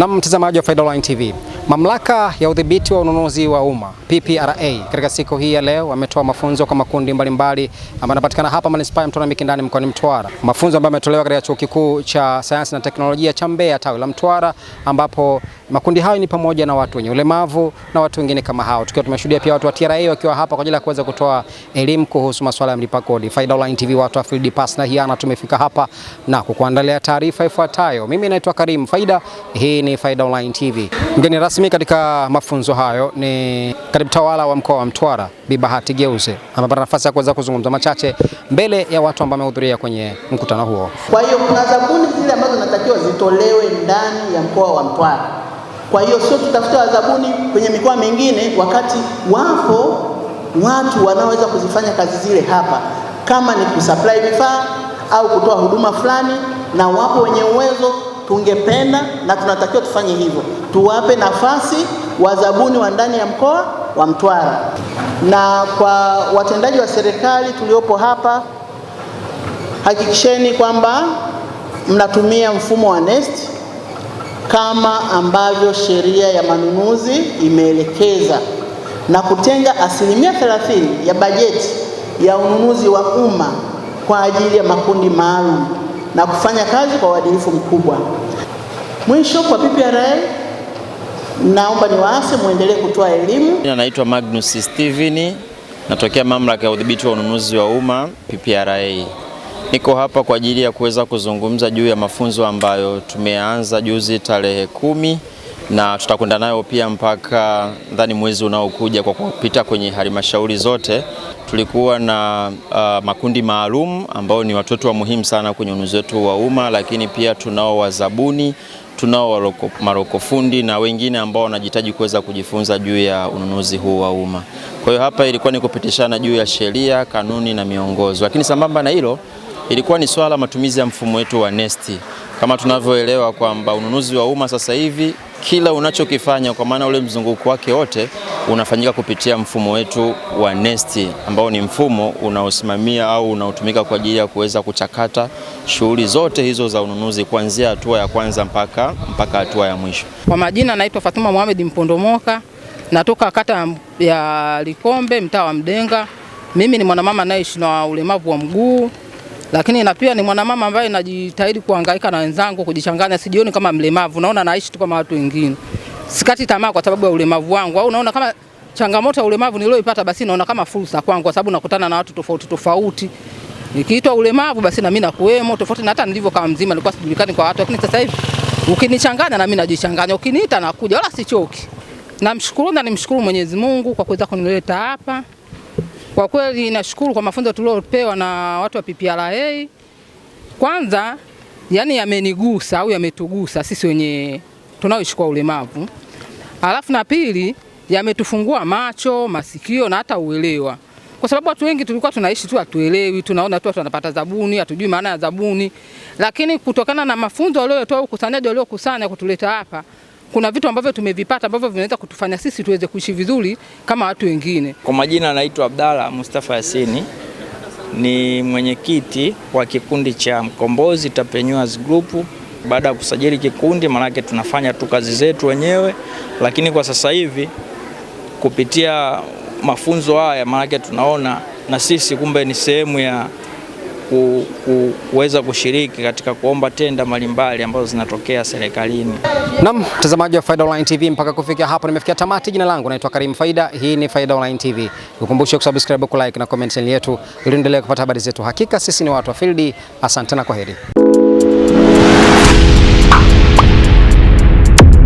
Na mtazamaji wa Faida Online TV, mamlaka ya udhibiti wa ununuzi wa umma PPRA katika siku hii ya leo wametoa mafunzo kwa makundi mbalimbali ambayo yanapatikana hapa manispaa ya Mtwara Mikindani mkoani Mtwara, mafunzo ambayo yametolewa katika chuo kikuu cha sayansi na teknolojia cha Mbeya tawi la Mtwara ambapo Makundi hayo ni pamoja na watu wenye ulemavu na watu wengine kama hao, tukiwa tumeshuhudia pia watu wa TRA wakiwa hapa kwa ajili ya kuweza kutoa elimu kuhusu masuala ya mlipa kodi. Faida Online TV, watu wa Field Pass na hiana, tumefika hapa na kukuandalia taarifa ifuatayo. Mimi naitwa Karim Faida, hii ni Faida Online TV. Mgeni rasmi katika mafunzo hayo ni katibu tawala wa mkoa wa Mtwara Bi Bahati Geuze, amepata nafasi ya kuweza kuzungumza machache mbele ya watu ambao wamehudhuria kwenye mkutano huo. Kwa hiyo kuna zabuni zile ambazo zinatakiwa zitolewe ndani ya mkoa wa Mtwara kwa hiyo sio tutafute wazabuni kwenye mikoa mingine, wakati wapo watu wanaoweza kuzifanya kazi zile hapa, kama ni kusupply vifaa au kutoa huduma fulani, na wapo wenye uwezo. Tungependa na tunatakiwa tufanye hivyo, tuwape nafasi wazabuni wa ndani ya mkoa wa Mtwara. Na kwa watendaji wa serikali tuliopo hapa, hakikisheni kwamba mnatumia mfumo wa NeST kama ambavyo sheria ya manunuzi imeelekeza na kutenga asilimia 30 ya bajeti ya ununuzi wa umma kwa ajili ya makundi maalum na kufanya kazi kwa uadilifu mkubwa. Mwisho, kwa PPRA naomba niwaase muendelee kutoa elimu. Naitwa Magnus Steven, natokea mamlaka ya udhibiti wa ununuzi wa umma PPRA. Niko hapa kwa ajili ya kuweza kuzungumza juu ya mafunzo ambayo tumeanza juzi tarehe kumi na tutakwenda nayo pia mpaka ndani mwezi unaokuja kwa kupita kwenye halmashauri zote. Tulikuwa na uh, makundi maalum ambao ni watoto wa muhimu sana kwenye ununuzi wetu wa umma, lakini pia tunao wazabuni, tunao marokofundi na wengine ambao wanajitaji kuweza kujifunza juu ya ununuzi huu wa umma. Kwa hiyo hapa ilikuwa ni kupitishana juu ya sheria, kanuni na miongozo, lakini sambamba na hilo ilikuwa ni swala matumizi ya mfumo wetu wa nesti kama tunavyoelewa kwamba ununuzi wa umma sasa hivi kila unachokifanya kwa maana ule mzunguko wake wote unafanyika kupitia mfumo wetu wa nesti ambao ni mfumo unaosimamia au unaotumika kwa ajili ya kuweza kuchakata shughuli zote hizo za ununuzi kuanzia hatua ya kwanza mpaka mpaka hatua ya mwisho. Kwa majina naitwa Fatuma Mohamed Mpondomoka, natoka kata ya Likombe, mtaa wa Mdenga. Mimi ni mwanamama naishi na ulemavu wa mguu lakini na pia ni mwanamama ambaye najitahidi kuhangaika na wenzangu, kujichanganya, sijioni kama mlemavu, naona naishi tu kama watu wengine. Sikati tamaa kwa sababu ya ulemavu wangu, au naona kama changamoto ya ulemavu niliyoipata, basi naona kama fursa kwangu, kwa sababu nakutana na watu tofauti tofauti. Nikiitwa ulemavu, basi na mimi nakuwemo, tofauti na hata nilivyo kama mzima, nilikuwa sijulikani kwa watu, lakini sasa hivi ukinichanganya na mimi najichanganya, ukiniita nakuja, wala sichoki. Namshukuru na nimshukuru Mwenyezi Mungu kwa kuweza kunileta hapa. Kwa kweli nashukuru kwa mafunzo tuliopewa na watu wa PPRA. Kwanza yani yamenigusa au yametugusa sisi wenye tunaoishi kwa ulemavu, alafu na pili yametufungua macho, masikio na hata uelewa, kwa sababu watu wengi tulikuwa tunaishi tu hatuelewi, tunaona tu tunapata zabuni, hatujui maana ya zabuni, lakini kutokana na mafunzo waliotoa ukusanyaji waliokusanya kutuleta hapa kuna vitu ambavyo tumevipata ambavyo vinaweza kutufanya sisi tuweze kuishi vizuri kama watu wengine. Kwa majina anaitwa Abdalla Mustafa Yasini, ni mwenyekiti wa kikundi cha Mkombozi Tapenyuas Group. Baada ya kusajili kikundi, maanake tunafanya tu kazi zetu wenyewe, lakini kwa sasa hivi kupitia mafunzo haya, maanake tunaona na sisi kumbe ni sehemu ya ku, kuweza kushiriki katika kuomba tenda mbalimbali ambazo zinatokea serikalini. Naam, mtazamaji wa Faida Online TV, mpaka kufikia hapo nimefikia tamati. Jina langu naitwa Karim Faida, hii ni Faida Online TV. Ukumbushe kusubscribe, kulike na comment yetu ili endelee kupata habari zetu. Hakika sisi ni watu wa field. Asante na kwaheri.